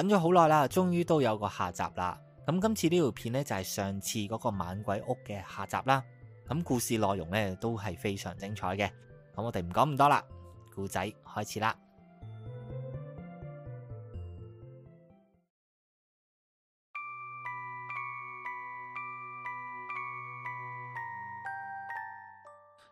等咗好耐啦，終於都有個下集啦。咁今次呢條片呢，就係上次嗰個《猛鬼屋》嘅下集啦。咁故事內容呢，都係非常精彩嘅。咁我哋唔講咁多啦，故仔開始啦。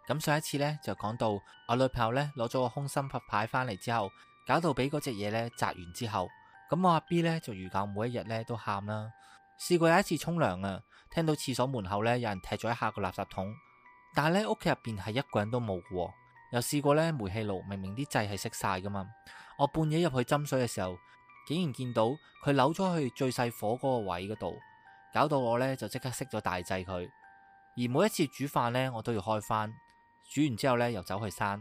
咁 上一次呢，就講到我女朋友呢，攞咗個空心佛牌翻嚟之後，搞到俾嗰隻嘢呢，摘完之後。咁我阿 B 咧就如教每一日咧都喊啦，試過有一次沖涼啊，聽到廁所門口咧有人踢咗一下個垃圾桶，但係咧屋企入邊係一個人都冇個，又試過咧煤氣爐明明啲掣係熄晒噶嘛，我半夜入去斟水嘅時候，竟然見到佢扭咗去最細火嗰個位嗰度，搞到我咧就即刻熄咗大掣佢，而每一次煮飯咧我都要開翻，煮完之後咧又走去閂。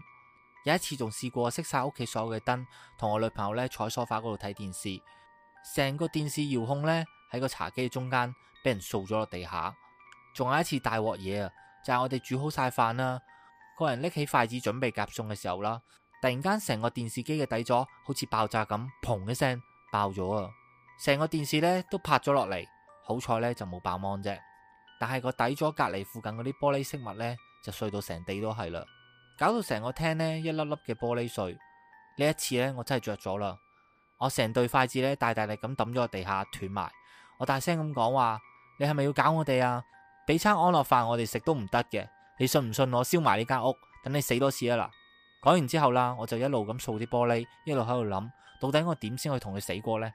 有一次仲試過熄晒屋企所有嘅燈，同我女朋友咧坐喺梳化嗰度睇電視，成個電視遙控咧喺個茶几嘅中間俾人掃咗落地下。仲有一次大鑊嘢啊，就係我哋煮好晒飯啦，個人拎起筷子準備夾餸嘅時候啦，突然間成個電視機嘅底座好似爆炸咁，砰一聲爆咗啊！成個電視咧都拍咗落嚟，好彩咧就冇爆芒啫，但係個底座隔離附近嗰啲玻璃飾物咧就碎到成地都係啦。搞到成個廳咧一粒粒嘅玻璃碎，呢一次咧我真係着咗啦，我成對筷子咧大大力咁抌咗個地下斷埋，我大聲咁講話：你係咪要搞我哋啊？俾餐安樂飯我哋食都唔得嘅，你信唔信我燒埋呢間屋，等你死多次啊嗱！講完之後啦，我就一路咁掃啲玻璃，一路喺度諗到底我點先可以同佢死過呢？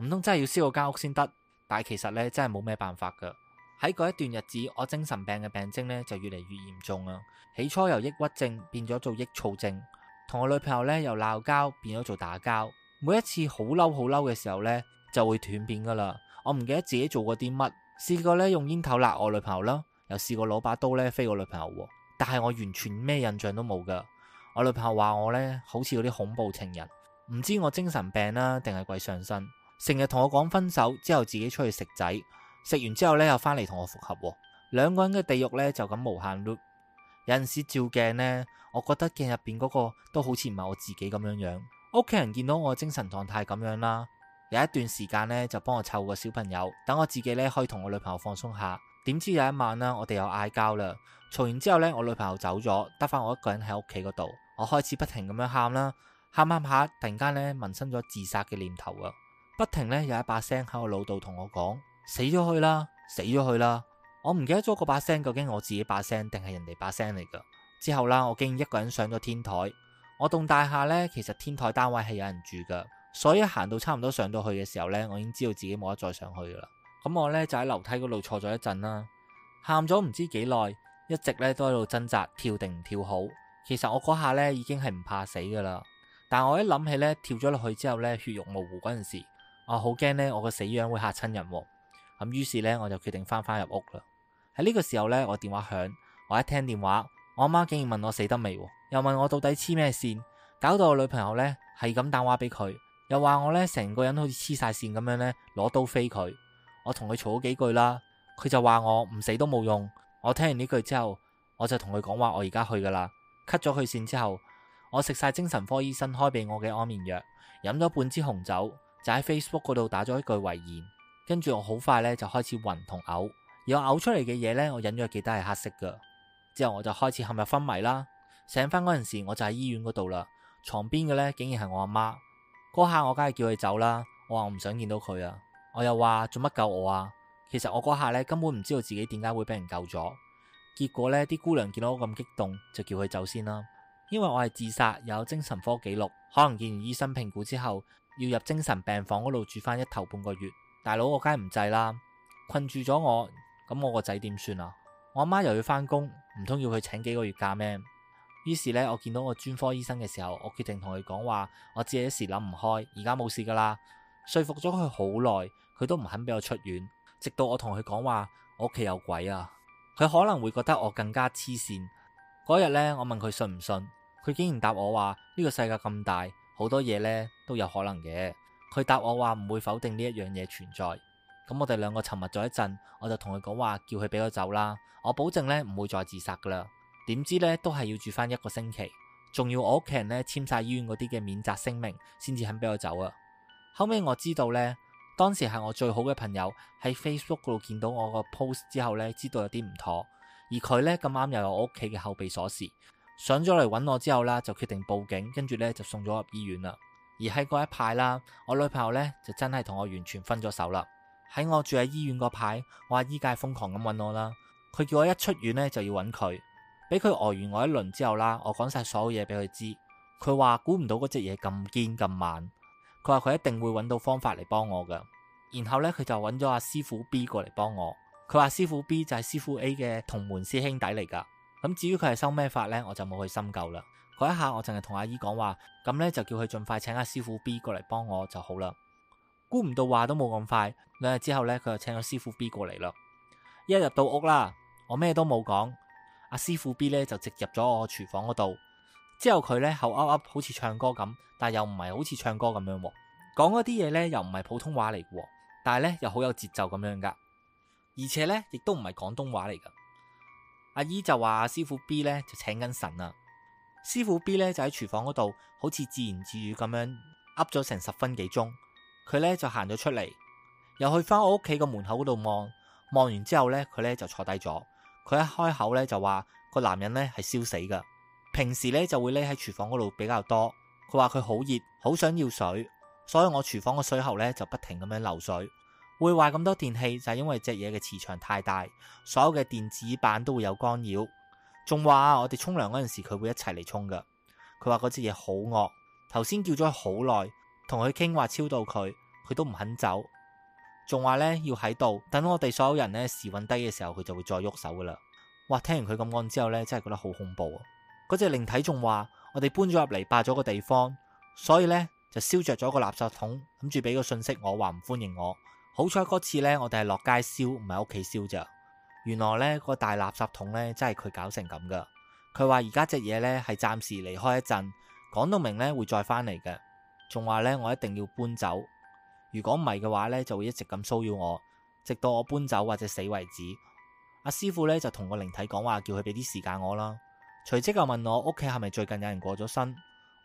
唔通真係要燒我間屋先得？但係其實咧真係冇咩辦法噶。喺嗰一段日子，我精神病嘅病徵咧就越嚟越嚴重啊。起初由抑鬱症變咗做抑躁症，同我女朋友咧由鬧交變咗做打交。每一次好嬲好嬲嘅時候咧，就會斷片噶啦。我唔記得自己做過啲乜，試過咧用煙頭焫我女朋友啦，又試過攞把刀咧飛我女朋友，但係我完全咩印象都冇噶。我女朋友話我咧好似嗰啲恐怖情人，唔知我精神病啦定係鬼上身，成日同我講分手之後自己出去食仔。食完之後咧，又返嚟同我復合，兩個人嘅地獄咧就咁無限碌。有陣時照鏡呢，我覺得鏡入邊嗰個都好似唔係我自己咁樣樣。屋企人見到我精神狀態咁樣啦，有一段時間呢，就幫我湊個小朋友，等我自己咧可以同我女朋友放鬆下。點知有一晚呢，我哋又嗌交啦，嘈完之後呢，我女朋友走咗，得翻我一個人喺屋企嗰度，我開始不停咁樣喊啦，喊喊下突然間咧萌生咗自殺嘅念頭啊！不停咧有一把聲喺我腦度同我講。死咗去啦，死咗去啦！我唔記得咗嗰把聲究竟我自己把聲定係人哋把聲嚟噶。之後啦，我竟然一個人上咗天台。我棟大廈呢，其實天台單位係有人住噶，所以行到差唔多上到去嘅時候呢，我已經知道自己冇得再上去噶啦。咁我呢，就喺樓梯嗰度坐咗一陣啦，喊咗唔知幾耐，一直呢都喺度掙扎跳定唔跳好。其實我嗰下呢已經係唔怕死噶啦，但我一諗起呢，跳咗落去之後呢，血肉模糊嗰陣時，我好驚呢，我個死樣會吓親人。咁於是咧，我就決定翻返入屋啦。喺呢個時候咧，我電話響，我一聽電話，我阿媽竟然問我死得未，又問我到底黐咩線，搞到我女朋友咧係咁打話俾佢，又話我咧成個人好似黐晒線咁樣咧攞刀飛佢。我同佢嘈咗幾句啦，佢就話我唔死都冇用。我聽完呢句之後，我就同佢講話，我而家去噶啦。cut 咗佢線之後，我食晒精神科醫生開俾我嘅安眠藥，飲咗半支紅酒，就喺 Facebook 嗰度打咗一句遺言。跟住我好快咧，就開始暈同嘔，有我嘔出嚟嘅嘢咧，我隱約記得係黑色㗎。之後我就開始陷入昏迷啦。醒翻嗰陣時，我就喺醫院嗰度啦，床邊嘅咧竟然係我阿媽，媽。嗰下我梗係叫佢走啦，我話唔想見到佢啊。我又話做乜救我啊？其實我嗰下咧根本唔知道自己點解會俾人救咗。結果咧，啲姑娘見到我咁激動，就叫佢走先啦。因為我係自殺，有精神科記錄，可能見完醫生評估之後要入精神病房嗰度住翻一頭半個月。大佬，我梗係唔制啦，困住咗我，咁我個仔點算啊？我阿媽又要返工，唔通要佢請幾個月假咩？於是呢，我見到我專科醫生嘅時候，我決定同佢講話，我只係一時諗唔開，而家冇事噶啦。說服咗佢好耐，佢都唔肯俾我出院，直到我同佢講話，我屋企有鬼啊！佢可能會覺得我更加黐線。嗰日呢，我問佢信唔信，佢竟然答我話呢個世界咁大，好多嘢呢都有可能嘅。佢答我話唔會否定呢一樣嘢存在，咁我哋兩個沉默咗一陣，我就同佢講話，叫佢俾我走啦，我保證咧唔會再自殺噶啦。點知咧都係要住翻一個星期，仲要我屋企人咧簽晒醫院嗰啲嘅免責聲明先至肯俾我走啊。後尾我知道呢，當時係我最好嘅朋友喺 Facebook 度見到我個 post 之後咧，知道有啲唔妥，而佢咧咁啱又有我屋企嘅後備鎖匙，上咗嚟揾我之後啦，就決定報警，跟住咧就送咗入醫院啦。而喺嗰一排啦，我女朋友呢就真係同我完全分咗手啦。喺我住喺醫院嗰排，我阿姨梗係瘋狂咁揾我啦。佢叫我一出院呢就要揾佢，俾佢呆完我一輪之後啦，我講晒所有嘢俾佢知。佢話估唔到嗰隻嘢咁堅咁猛，佢話佢一定會揾到方法嚟幫我噶。然後呢，佢就揾咗阿師傅 B 過嚟幫我。佢話師傅 B 就係師傅 A 嘅同門師兄弟嚟噶。咁至於佢係修咩法呢，我就冇去深究啦。嗰一下，我淨係同阿姨講話，咁呢就叫佢盡快請阿師傅 B 過嚟幫我就好啦。估唔到話都冇咁快，兩日之後呢，佢就請咗師傅 B 過嚟啦。一入到屋啦，我咩都冇講，阿師傅 B 呢就直入咗我廚房嗰度。之後佢呢口噏噏好似唱歌咁，但又唔係好似唱歌咁樣，講嗰啲嘢呢又唔係普通話嚟，但係呢又好有節奏咁樣噶。而且呢亦都唔係廣東話嚟噶。阿姨就話：師傅 B 呢就請緊神啊！師傅 B 咧就喺廚房嗰度，好似自言自語咁樣噏咗成十分幾鐘。佢咧就行咗出嚟，又去返我屋企個門口嗰度望。望完之後咧，佢咧就坐低咗。佢一開口咧就話：個男人咧係燒死噶。平時咧就會匿喺廚房嗰度比較多。佢話佢好熱，好想要水，所以我廚房個水喉咧就不停咁樣流水，會壞咁多電器就係因為隻嘢嘅磁場太大，所有嘅電子板都會有干擾。仲話我哋沖涼嗰陣時，佢會一齊嚟沖噶。佢話嗰隻嘢好惡，頭先叫咗好耐，同佢傾話超度佢，佢都唔肯走。仲話呢，要喺度等我哋所有人呢時運低嘅時候，佢就會再喐手噶啦。哇！聽完佢咁講之後呢，真係覺得好恐怖啊。嗰隻靈體仲話我哋搬咗入嚟，霸咗個地方，所以呢，就燒着咗個垃圾桶，諗住俾個信息我話唔歡迎我。好彩嗰次呢，我哋係落街燒，唔係屋企燒咋。原來呢個大垃圾桶呢，真係佢搞成咁噶。佢話而家隻嘢呢係暫時離開一陣，講到明呢會再返嚟嘅。仲話呢，我一定要搬走，如果唔係嘅話呢，就會一直咁騷擾我，直到我搬走或者死為止。阿師傅呢，就同個靈體講話，叫佢俾啲時間我啦。隨即又問我屋企係咪最近有人過咗身。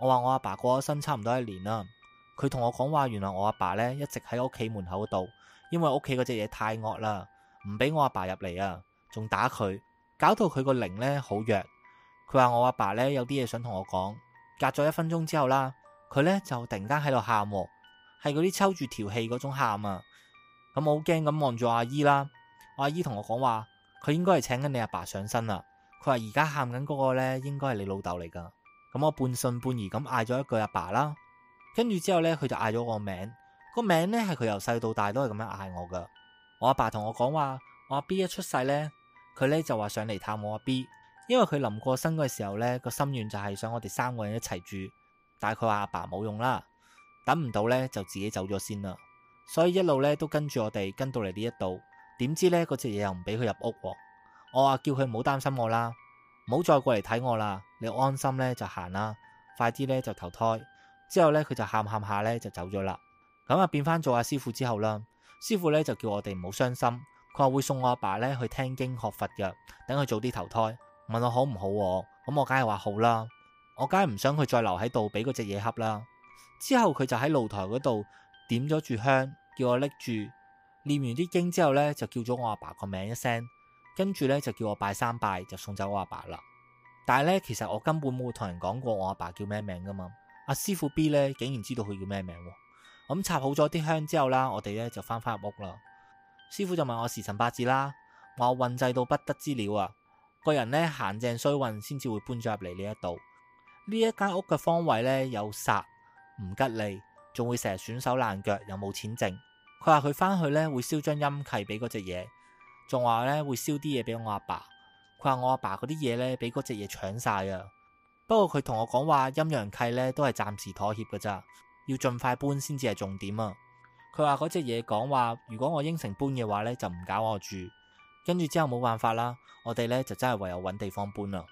我話我阿爸過咗身差唔多一年啦。佢同我講話，原來我阿爸呢一直喺屋企門口度，因為屋企嗰隻嘢太惡啦。唔俾我阿爸入嚟啊！仲打佢，搞到佢個靈咧好弱。佢話我阿爸咧有啲嘢想同我講，隔咗一分鐘之後啦，佢咧就突然間喺度喊，係嗰啲抽住條氣嗰種喊啊。咁我好驚咁望住阿姨啦，阿姨同我講話，佢應該係請緊你阿爸上身啊。佢話而家喊緊嗰個咧應該係你老豆嚟噶。咁我半信半疑咁嗌咗一句阿爸啦，跟住之後咧佢就嗌咗我個名，個名咧係佢由細到大都係咁樣嗌我噶。我阿爸同我講話，我阿 B 一出世呢，佢呢就話上嚟探我阿 B，因為佢臨過身嘅時候呢，個心願就係想我哋三個人一齊住，但係佢話阿爸冇用啦，等唔到呢就自己走咗先啦，所以一路呢都跟住我哋跟到嚟呢一度，點知呢嗰隻嘢又唔俾佢入屋，我話叫佢唔好擔心我啦，唔好再過嚟睇我啦，你安心呢就行啦，快啲呢就投胎，之後呢，佢就喊喊下呢就走咗啦，咁啊變翻做阿師傅之後啦。師傅咧就叫我哋唔好傷心，佢話會送我阿爸咧去聽經學佛嘅，等佢早啲投胎。問我好唔好？咁我梗係話好啦，我梗係唔想佢再留喺度俾嗰隻嘢恰啦。之後佢就喺露台嗰度點咗柱香，叫我拎住念完啲經之後咧就叫咗我阿爸個名一聲，跟住咧就叫我拜三拜就送走我阿爸啦。但係咧其實我根本冇同人講過我阿爸叫咩名噶嘛，阿師傅 B 咧竟然知道佢叫咩名。咁插好咗啲香之後啦，我哋咧就翻返入屋啦。師傅就問我時辰八字啦，我運滯到不得之了啊！個人咧行正衰運先至會搬咗入嚟呢一度。呢一間屋嘅方位咧有煞，唔吉利，仲會成日損手爛腳，又冇錢剩。佢話佢翻去咧會燒張陰契俾嗰隻嘢，仲話咧會燒啲嘢俾我阿爸。佢話我阿爸嗰啲嘢咧俾嗰隻嘢搶晒啊！不過佢同我講話陰陽契咧都係暫時妥協噶咋。要盡快搬先至係重點啊！佢話嗰隻嘢講話，如果我應承搬嘅話呢，就唔搞我住。跟住之後冇辦法啦，我哋呢就真係唯有揾地方搬啦。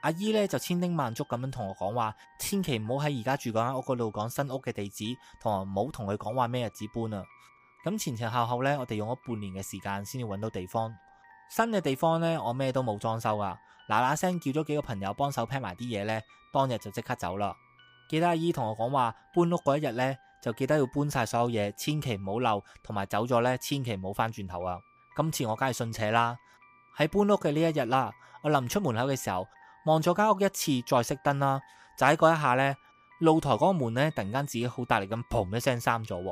阿姨呢就千叮萬囑咁樣同我講話，千祈唔好喺而家住嗰間屋嗰度講新屋嘅地址，同埋唔好同佢講話咩日子搬啊！咁前前後後呢，我哋用咗半年嘅時間先至揾到地方。新嘅地方呢，我咩都冇裝修啊。嗱嗱聲叫咗幾個朋友幫手摒埋啲嘢呢，當日就即刻走啦。記得阿姨同我講話，搬屋嗰一日呢，就記得要搬晒所有嘢，千祈唔好漏，同埋走咗呢，千祈唔好翻轉頭啊！今次我梗係信邪啦，喺搬屋嘅呢一日啦，我臨出門口嘅時候，望咗間屋一次再熄燈啦，就喺嗰一下呢，露台嗰個門呢，突然間自己好大力咁，砰一聲閂咗，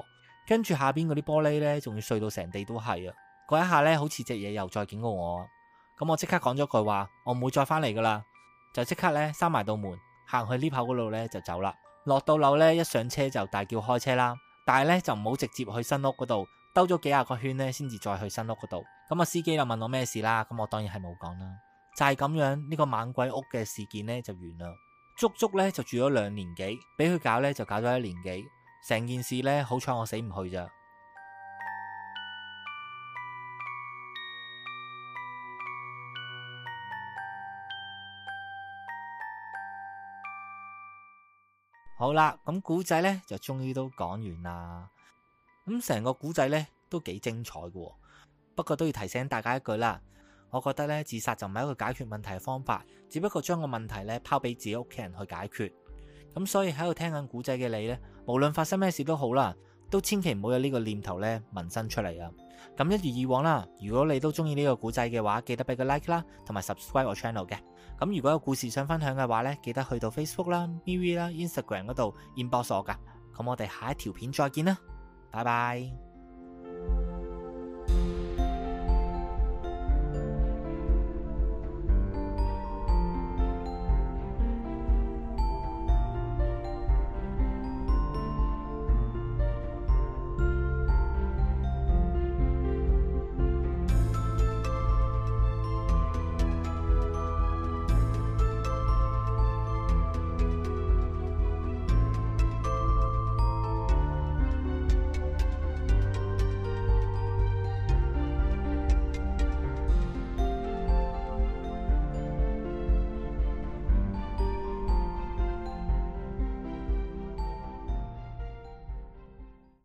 跟住下邊嗰啲玻璃呢，仲要碎到成地都係啊！嗰一下呢，好似隻嘢又再警告我，咁我即刻講咗句話，我唔會再翻嚟噶啦，就即刻呢，閂埋道門。行去 lift 口嗰度咧，就走啦，落到樓咧一上車就大叫開車啦，但係咧，就唔好直接去新屋嗰度，兜咗幾廿個圈咧先至再去新屋嗰度。咁啊司機又問我咩事啦，咁我當然係冇講啦，就係咁樣呢個猛鬼屋嘅事件咧就完啦，足足咧就住咗兩年幾，俾佢搞咧就搞咗一年幾，成件事咧好彩我死唔去咋。好啦，咁古仔呢就終於都講完啦。咁成個古仔呢都幾精彩嘅，不過都要提醒大家一句啦。我覺得呢自殺就唔係一個解決問題嘅方法，只不過將個問題呢拋俾自己屋企人去解決。咁所以喺度聽緊古仔嘅你呢，無論發生咩事都好啦。都千祈唔好有呢個念頭咧，萌生出嚟啊！咁一如以往啦，如果你都中意呢個古仔嘅話，記得俾個 like 啦，同埋 subscribe 我 channel 嘅。咁如果有故事想分享嘅話咧，記得去到 Facebook 啦、MeWe 啦、Instagram 嗰度 inbox 我噶。咁我哋下一條片再見啦，拜拜。